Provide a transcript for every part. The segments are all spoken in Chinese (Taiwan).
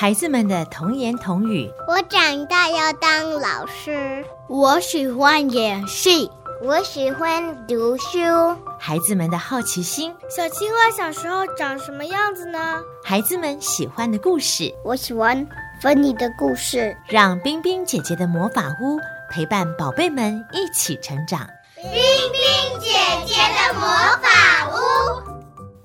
孩子們的童言童語：我長大要當老師，我喜歡演戲，我喜歡讀書。孩子們的好奇心：小青蛙小時候長什麼樣子呢？孩子們喜歡的故事：我喜歡分你的故事。讓冰冰姐姐的魔法屋陪伴寶貝們一起成長。冰冰姐姐的魔法屋。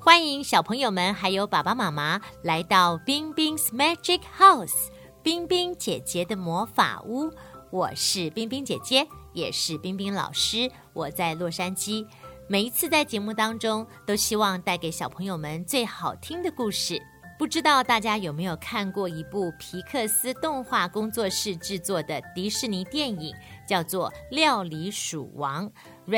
歡迎小朋友們還有爸爸媽媽來到冰冰 's Magic House，冰冰姐姐的魔法屋。我是冰冰姐姐，也是冰冰老師。我在洛杉磯，每一次在節目當中都希望帶給小朋友們最好聽的故事。不知道大家有沒有看過一部皮克斯動畫工作室制作的迪士尼電影，叫做《料理鼠王》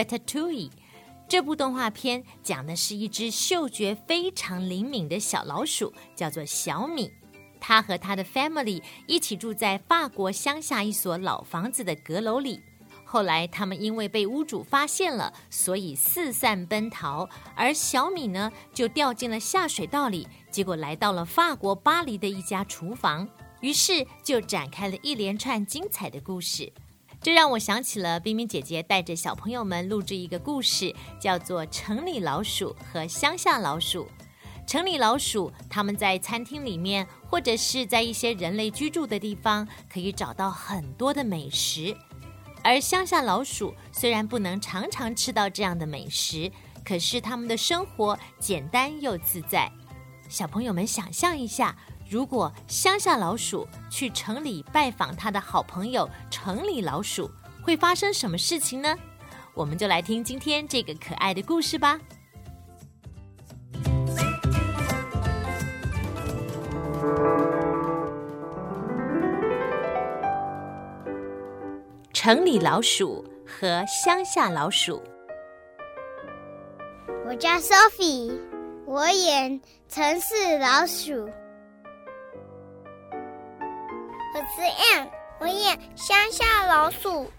（Ratatouille）。Rat 這部動畫片講的是一隻嗅覺非常靈敏的小老鼠，叫做小米。它和它的 family 一起住在法國鄉下一所老房子的閣樓裡。後來，他們因為被屋主發現了，所以四散奔逃。而小米呢，就掉進了下水道裡，結果來到了法國巴黎的一家廚房，於是就展開了一連串精彩的故事。這讓我想起了冰冰姐姐帶着小朋友們錄製一個故事，叫做《城裡老鼠和鄉下老鼠》。城裡老鼠，它們在餐廳裡面或者是在一些人類居住的地方，可以找到很多的美食；而鄉下老鼠雖然不能常常吃到這樣的美食，可是他們的生活簡單又自在。小朋友們想象一下。如果鄉下老鼠去城裡拜訪他的好朋友城裡老鼠，會發生什麼事情呢？我們就來聽今天這個可愛的故事吧。城裡老鼠和鄉下老鼠。我叫 Sophie，我演城市老鼠。是 Annie 我演鄉下老鼠。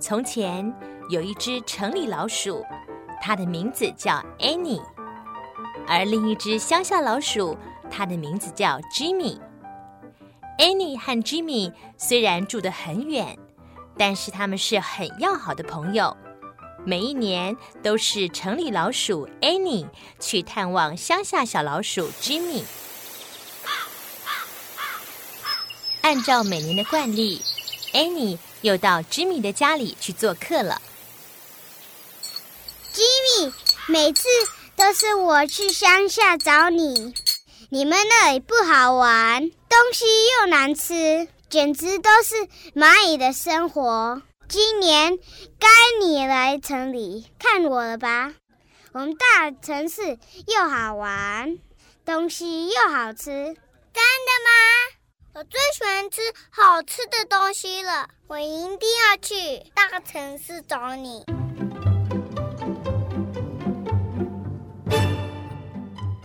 從前有一隻城裡老鼠，它的名字叫 Annie，而另一隻鄉下老鼠，它的名字叫 Jimmy。Annie 和 Jimmy 雖然住得很遠，但是他們是很要好的朋友。每一年都是城裡老鼠 Annie 去探望鄉下小老鼠 Jimmy。按照每年的慣例，Annie 又到 Jimmy 的家裡去做客了。Jimmy，每次都是我去鄉下找你。你們那裡不好玩，東西又難吃，簡直都是螞蟻的生活。今年該你來城裡看我了吧？我們大城市又好玩，東西又好吃。真的嗎？我最喜歡吃好吃的東西了，我一定要去大城市找你。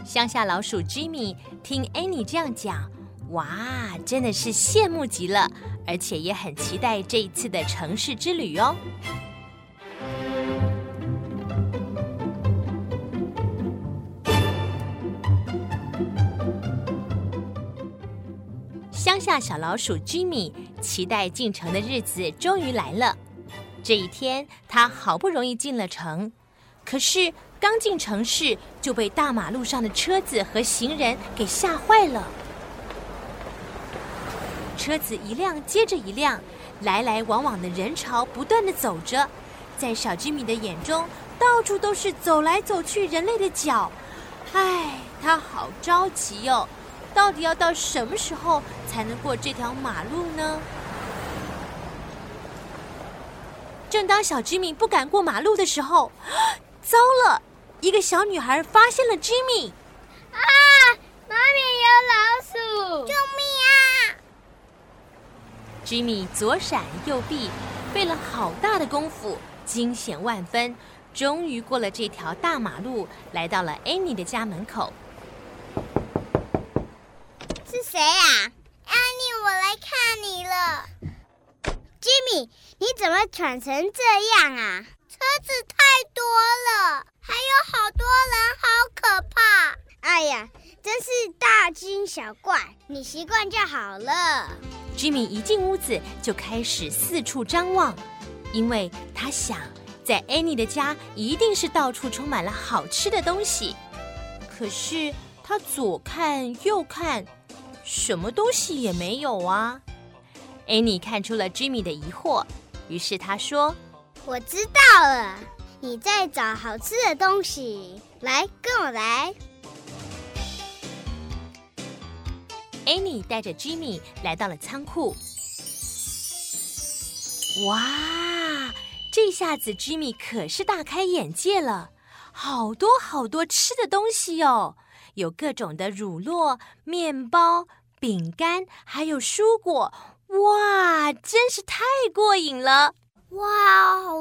鄉下老鼠 Jimmy 聽 Annie 這樣講，哇，真的是羨慕極了。而且也很期待這一次的城市之旅哦。鄉下小老鼠 Jimmy 期待進城的日子終於來了。這一天，他好不容易進了城，可是剛進城市就被大馬路上的車子和行人給嚇壞了。車子一輛接着一輛，來來往往的人潮不斷的走着，在小吉米的眼中，到處都是走來走去人類的腳。哎，他好着急喲，哦，到底要到什麼時候才能過這條馬路呢？正當小吉米不敢過馬路的時候，啊，糟了，一個小女孩發現了吉米。啊，媽咪有老鼠，救命，啊！Jimmy 左閃右避，費了好大的功夫，驚險萬分，終於過了這條大馬路，來到了 Annie 的家門口。是誰呀？Annie，我來看你了。Jimmy，你怎麼喘成這樣啊？車子太多了，還有好多人，好可怕。哎呀，真是大驚小怪，你習慣就好了。Jimmy 一進屋子就開始四處張望，因為他想，在 Annie 的家一定是到處充滿了好吃的東西。可是他左看右看，什麼東西也沒有啊！Annie 看出了 Jimmy 的疑惑，於是他說：“我知道了，你在找好吃的東西，來，跟我來。” Annie 帶着 Jimmy 來到了倉庫。哇，這下子 Jimmy 可是大開眼界了，好多好多吃的東西喲、哦，有各種的乳酪、麵包、餅乾，還有蔬果。哇，真是太過癮了！哇，好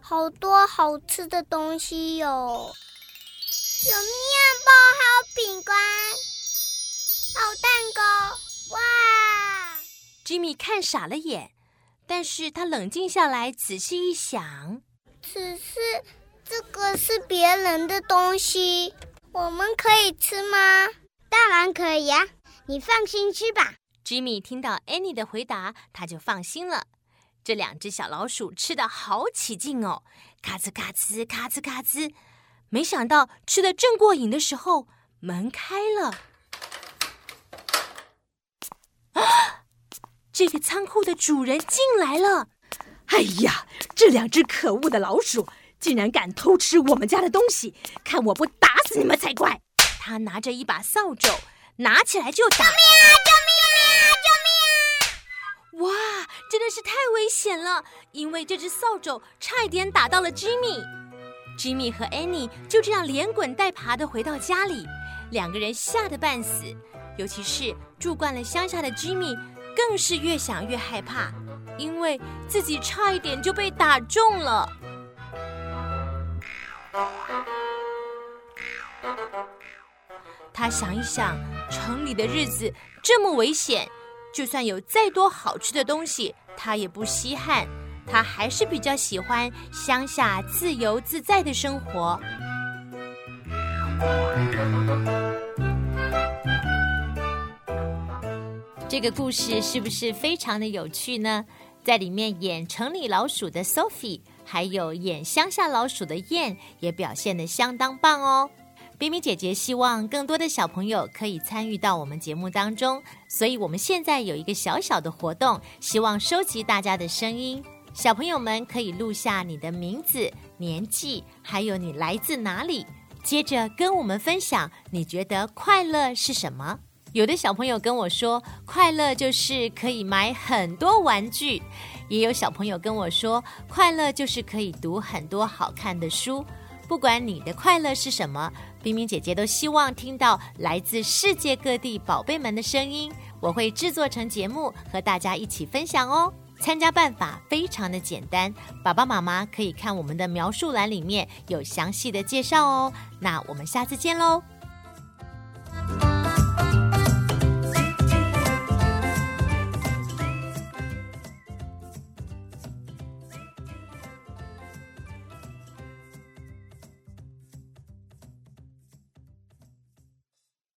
好多好吃的東西喲、哦，有麵包，還有餅乾。好蛋糕哇！Jimmy 看傻了眼，但是他冷靜下來，仔細一想，只是這個是別人的東西，我們可以吃嗎？當然可以呀、啊，你放心吃吧。Jimmy 聽到 Annie 的回答，他就放心了。這兩隻小老鼠吃的好起勁哦，咔哧咔哧咔哧咔哧，沒想到吃的正過癮的時候，門開了。這個倉庫的主人進來了。哎呀，這兩只可惡的老鼠竟然敢偷吃我們家的東西，看我不打死你們才怪！他拿着一把掃帚，拿起來就打。救命啊！救命啊！救命啊！哇，真的是太危險了，因為這只掃帚差一點打到了吉米。吉米和安妮就這樣連滾帶爬地回到家裡，兩個人嚇得半死，尤其是住慣了鄉下的吉米。更是越想越害怕，因為自己差一點就被打中了。他想一想，城裡的日子這麼危險，就算有再多好吃的東西，他也不稀罕。他還是比較喜歡鄉下自由自在的生活。嗯這個故事是不是非常的有趣呢？在裡面演城裡老鼠的 Sophie，還有演鄉下老鼠的 Yan，也表現得相當棒哦。冰冰姐姐希望更多的小朋友可以參與到我們節目當中，所以我們現在有一個小小的活動，希望收集大家的聲音。小朋友們可以錄下你的名字、年紀，還有你來自哪裡，接着跟我們分享你覺得快樂是什麼。有的小朋友跟我說，快樂就是可以買很多玩具；也有小朋友跟我說，快樂就是可以讀很多好看的書。不管你的快樂是什麼，冰冰姐姐都希望聽到來自世界各地寶貝們的聲音，我會製作成節目和大家一起分享哦。參加辦法非常的簡單，爸爸媽媽可以看我們的描述欄裡面有詳細的介紹哦。那我們下次見嘍！